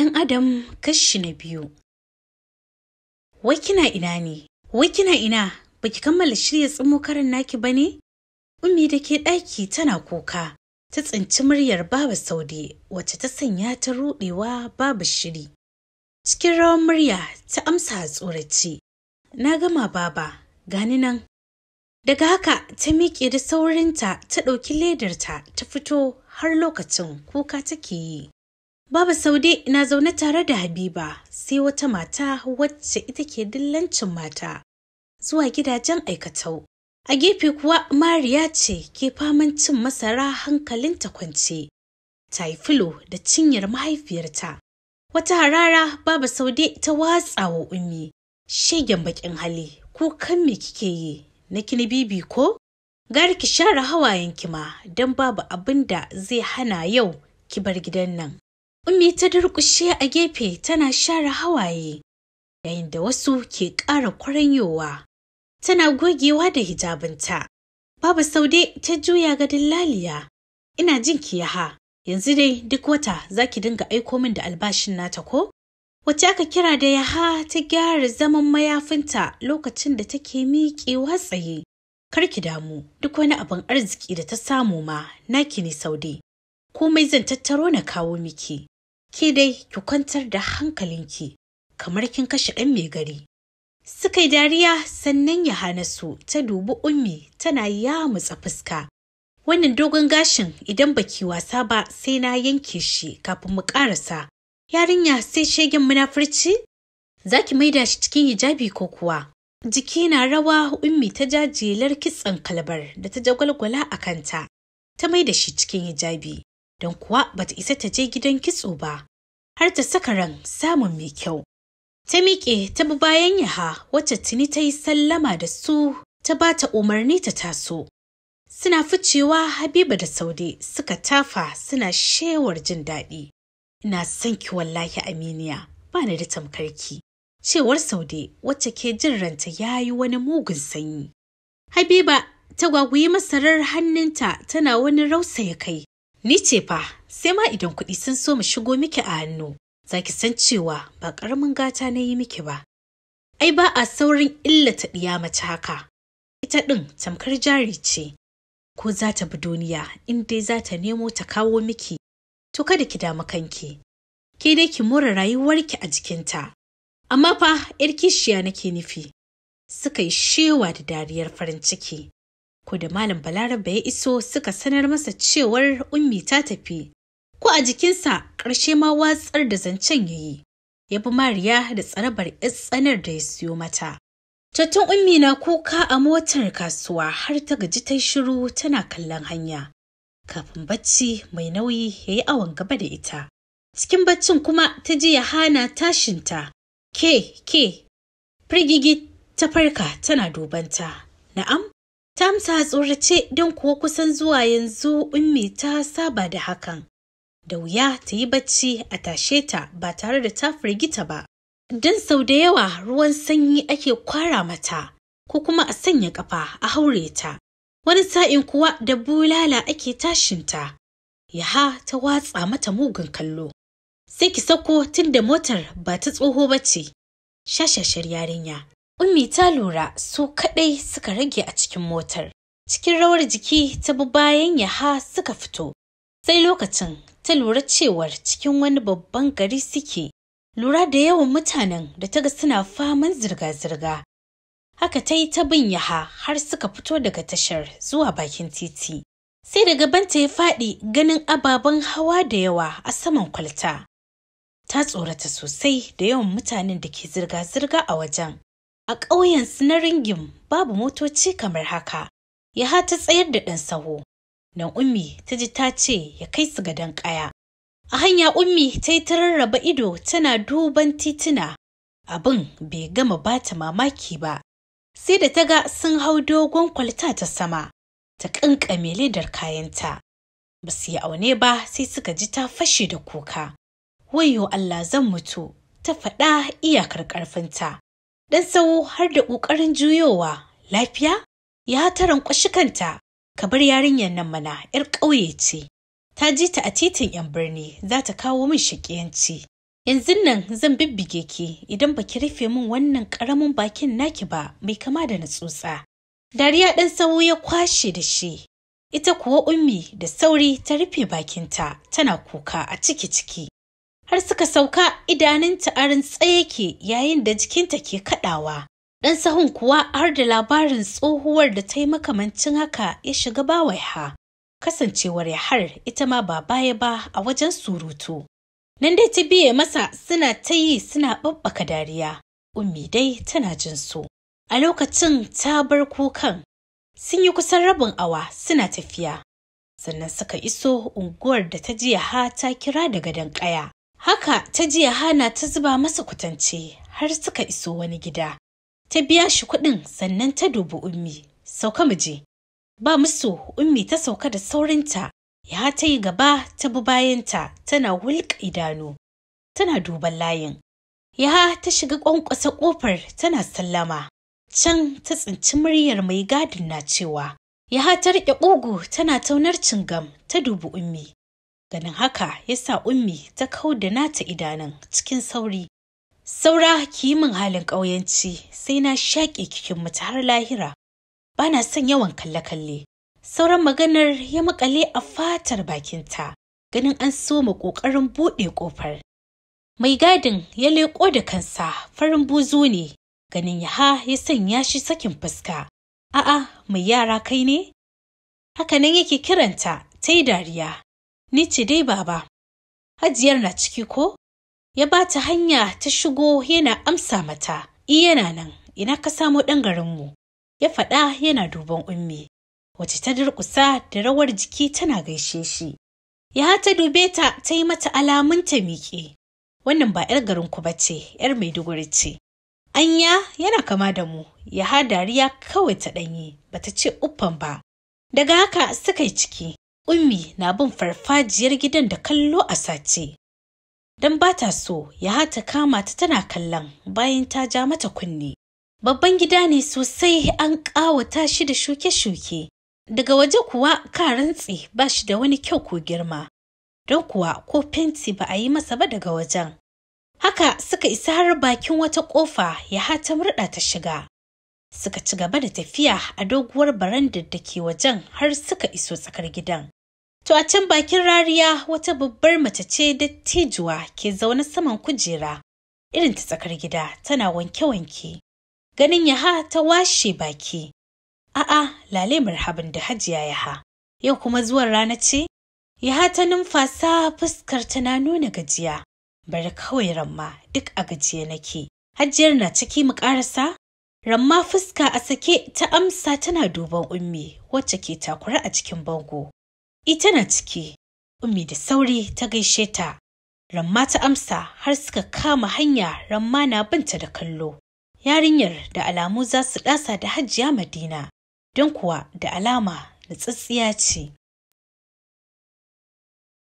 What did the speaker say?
Yan adam kashi na biyu wai kina ina ne wai kina ina baki kammala shirya tsimo karin naki ba ne ummi da ke ɗaki tana kuka ta tsinci muryar baba saude wacce ta sanya ta ruɗewa babu shiri cikin rawan murya ta amsa a tsorace na gama baba gani nan daga haka ta miƙe da saurinta ta ɗauki ledarta ta fito har lokacin kuka take yi Baba Saude na zaune tare da Habiba sai wata mata wacce ita ke dillancin mata zuwa gidajen aikatau. A gefe kuwa Mariya ce ke faman cin masara hankalinta kwance, ta yi filo da cinyar mahaifiyarta. Wata harara Baba Saude ta watsa wa ummi, shegen bakin hali ko kan me kike yi na kini bibi ko? Gari ki share hawayen ki ma don babu abin da zai hana yau ki bar gidan nan. Umi ta durƙushe a gefe tana share hawaye, yayin da wasu ke ƙara kwaranyowa. Tana gogewa da hijabinta. Babu Saude ta juya ga dillaliya. Ina jin ki yaha, yanzu dai duk wata za ki dinga aiko min da albashin nata ko? Wace aka kira da yaha ta gyara zaman mayafinta lokacin da take miƙewa tsaye. Kar ki damu, duk wani abin arziki da ta samu ma, naki ne Saude. komai zan tattaro na kawo miki. Ki dai ki kwantar da hankalinki kamar kin kashe ɗan mai gari. Suka yi dariya sannan ya hana su ta dubi ummi tana yamutsa fuska. Wannan dogon gashin idan baki wasa ba sai na yanke shi kafin mu ƙarasa. Yarinya sai shegen munafurci? Za ki maida shi cikin hijabi ko kuwa? Jiki na rawa ummi ta jajelar kitsan kalabar da ta jagwalgwala a kanta. Ta maida shi cikin hijabi. don kuwa bata isa ta je gidan kitso ba har ta saka ran samun mai kyau. Ta miƙe ta bi bayan yaha wacce tuni ta yi sallama da su ta ba ta umarni ta taso. Suna ficewa Habiba da Saude suka tafa suna shewar jin daɗi. Ina son ki wallahi Aminiya, ba ni da tamkarki. Cewar Saude wacce ke jin ranta ya yi wani mugun sanyi. Habiba ta gwagwuyi masarar hannunta tana wani rausa ya kai Ni ce fa, sai ma idan kuɗi sun so mu shigo miki a hannu, za ki san cewa ba ƙaramin gata na yi miki ba. Ai ba a saurin illata ɗiya mace haka. Ita ɗin tamkar jari ce, ko za ta bi duniya in dai za ta nemo ta kawo miki, to kada ki damu kanki. Ke dai ki more rayuwarki a jikinta. Amma fa ‘yar kishiya nake nufi, suka yi shewa da dariyar farin ciki. Ko da Malam Balaraba ya iso suka sanar masa cewar ummi ta tafi. Ko a jikinsa ƙarshe ma watsar da zancen ya yi. Ya bi Mariya da tsarabar tsanar da ya siyo mata. Tattun ummi na kuka a motar kasuwa har ta gaji ta shiru tana kallon hanya. Kafin bacci mai nauyi ya yi awon gaba da ita. Cikin baccin kuma ta ji ya hana tashinta. Ke, ke, firgigi ta farka tana dubanta. Na'am, Ta amsa tsorace don kuwa kusan zuwa yanzu ummi ta saba da hakan. Da wuya ta yi bacci a tashe ta ba tare da ta firgita ba. Don sau da yawa ruwan sanyi ake kwara mata ko kuma a sanya kafa a haure ta. Wani sa'in kuwa da bulala ake tashinta. Yaha ta watsa mata mugun kallo. Sai ki sako tun da motar ba ta tsoho ba ce. Shashashar yarinya. Ummi ta lura su kaɗai suka rage a cikin motar. Cikin rawar jiki ta bi bayan yaha suka fito. Sai lokacin ta lura cewar cikin wani babban gari suke. Lura da yawan mutanen da ta ga suna faman zirga-zirga. Haka ta yi ta bin yaha har suka fito daga tashar zuwa bakin titi. Sai da gabanta ya faɗi ganin ababen hawa da yawa a saman kwalta. Ta tsorata sosai da yawan mutanen da ke zirga-zirga a wajen. A ƙauyen na ringin babu motoci kamar haka, ya hata tsayar da ɗan saho. Nan ummi ta ji ta ce ya kai su gadon ƙaya. A hanya ummi ta yi ta rarraba ido tana duban tituna. Abin bai gama bata mamaki ba. sai da ta ga sun hau dogon kwalta ta sama ta ƙanƙame ledar kayanta ba su yi aune ba sai suka ji ta fashe da kuka wayo Allah zan mutu ta faɗa iyakar ƙarfinta ɗan tsawo har da ƙoƙarin juyowa lafiya ya taran kanta bar yarinyar nan mana ‘yar ƙauye ce ta ji ta a titin ‘yan birni za ta kawo min shaƙiyanci yanzu nan zan bibbige ki idan baki rufe min wannan ƙaramin bakin naki ba mai kama da na dariya ɗan tsawo ya kwashe da shi ita kuwa ummi da sauri ta rufe bakinta tana kuka a ciki ciki har suka sauka idanunta a rintsaye yake yayin da jikinta ke kaɗawa. Ɗan sahun kuwa har da labarin tsohuwar da ta yi makamancin haka ya shiga bawai ha. Kasancewar ya har ita ma ba baya ba a wajen surutu. Nan dai ta biye masa suna ta yi suna ɓaɓɓaka dariya. Ummi dai tana jin su A lokacin ta bar kukan sun yi kusan rabin awa suna tafiya. Sannan suka iso unguwar da ta jiya ha ta kira daga dan ƙaya. Haka ta ji hana ta zuba masa kwatance har suka iso wani gida. Ta biya shi kuɗin sannan ta dubi ummi, sauka muje Ba musu ummi ta sauka da saurinta, ya ta yi gaba ta bi bayanta tana hulƙa idanu, tana duban layin. Ya ta shiga ƙwanƙwasa ƙofar tana sallama. Can ta tsinci muryar mai gadin na cewa, ya ta riƙe ƙugu tana taunar cingam ta dubi ummi. Ganin haka ya sa ummi ta kau da nata idanun cikin sauri. Saura kiyi halin ƙauyenci, sai na shaƙe kikin mutu har lahira. Ba na son yawan kalle-kalle. Sauran maganar ya makale a fatar bakinta, ganin an soma ƙoƙarin buɗe ƙofar. Mai gadin ya leƙo da kansa farin buzu ne, ganin yaha ya sanya shi sakin fuska. A'a, mai yara kai ne? Haka Hakanan yake kiranta ta yi dariya, Ni ce dai baba, hajiyar na ciki ko? Ya ba ta hanya ta shigo yana amsa mata, I yana nan, ina ka samo ɗan garinmu. Ya faɗa yana duban ummi, wace ta durƙusa da rawar jiki tana gaishe shi. Ya ta dube ta ta yi mata alamun ta miƙe. Wannan ba 'yar garinku ba ce, 'yar Maiduguri ce. Anya yana kama da mu, ya ha dariya kawai ta ɗanyi, ta ce uffan ba. Daga haka suka yi ciki, Ummi na bin farfajiyar gidan da kallo a sace. Don ba ta so ya hata kama ta tana kallon bayan ta ja mata kunne. Babban gida ne sosai an ƙawata shi da shuke-shuke. Daga waje kuwa ka rantse ba shi da wani kyau ko girma. Don kuwa ko fenti ba a yi masa ba daga wajen. Haka suka isa har bakin wata ƙofa ya hata murɗa ta shiga. Suka ci gaba da tafiya a doguwar barandar da ke wajen har suka iso tsakar gidan. To a can bakin rariya wata babbar mace ce dattijuwa ke zaune saman kujera irin ta tsakar gida tana wanke-wanke. Ganin yaha ta washe baki. A'a lale marhaban da hajiya yaha. Yau kuma zuwan rana ce? Yaha ta numfasa fuskar ta na nuna gajiya. Bari kawai ramma duk a gajiya nake. Hajiyar na ciki mu ƙarasa? Ramma fuska a sake ta amsa tana duban ummi wacce ke takura a cikin bango. ita na ciki ummi da sauri ta gaishe ta ramma ta amsa har suka kama hanya ramma na binta da kallo yarinyar da alamu za su ɗasa da Hajiya madina don kuwa da alama na tsatsiya ce